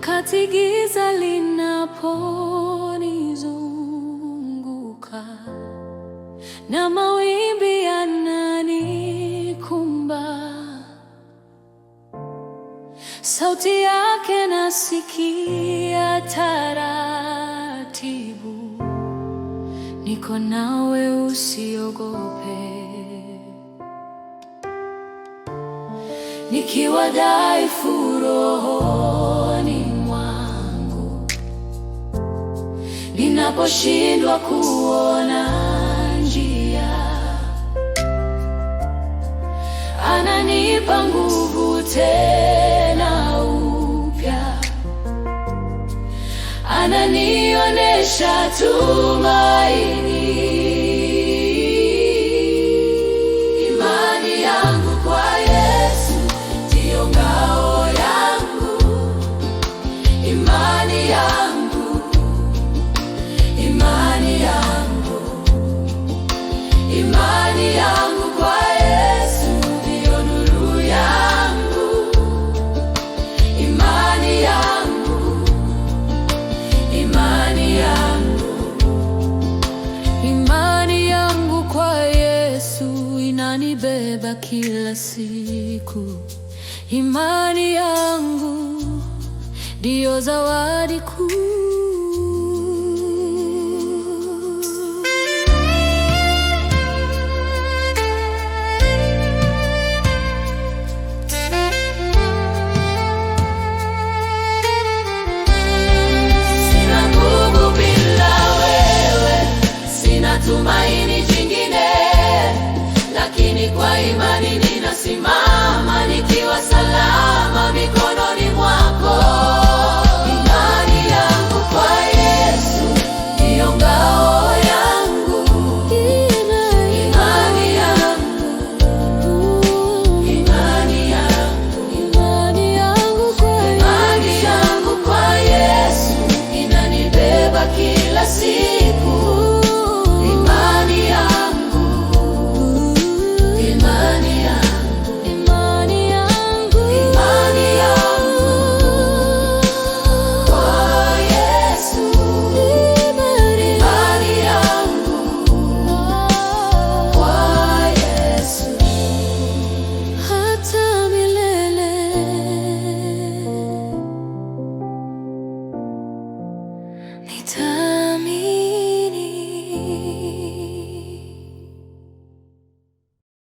Wakati giza linaponizunguka na mawimbi yananikumba, sauti yake nasikia taratibu, niko nawe, usiogope. Nikiwa dhaifu roho ninaposhindwa kuona njia, ananipa nguvu tena upya, ananionesha tumaini naibeba kila siku. Imani yangu ndiyo zawadi kuu.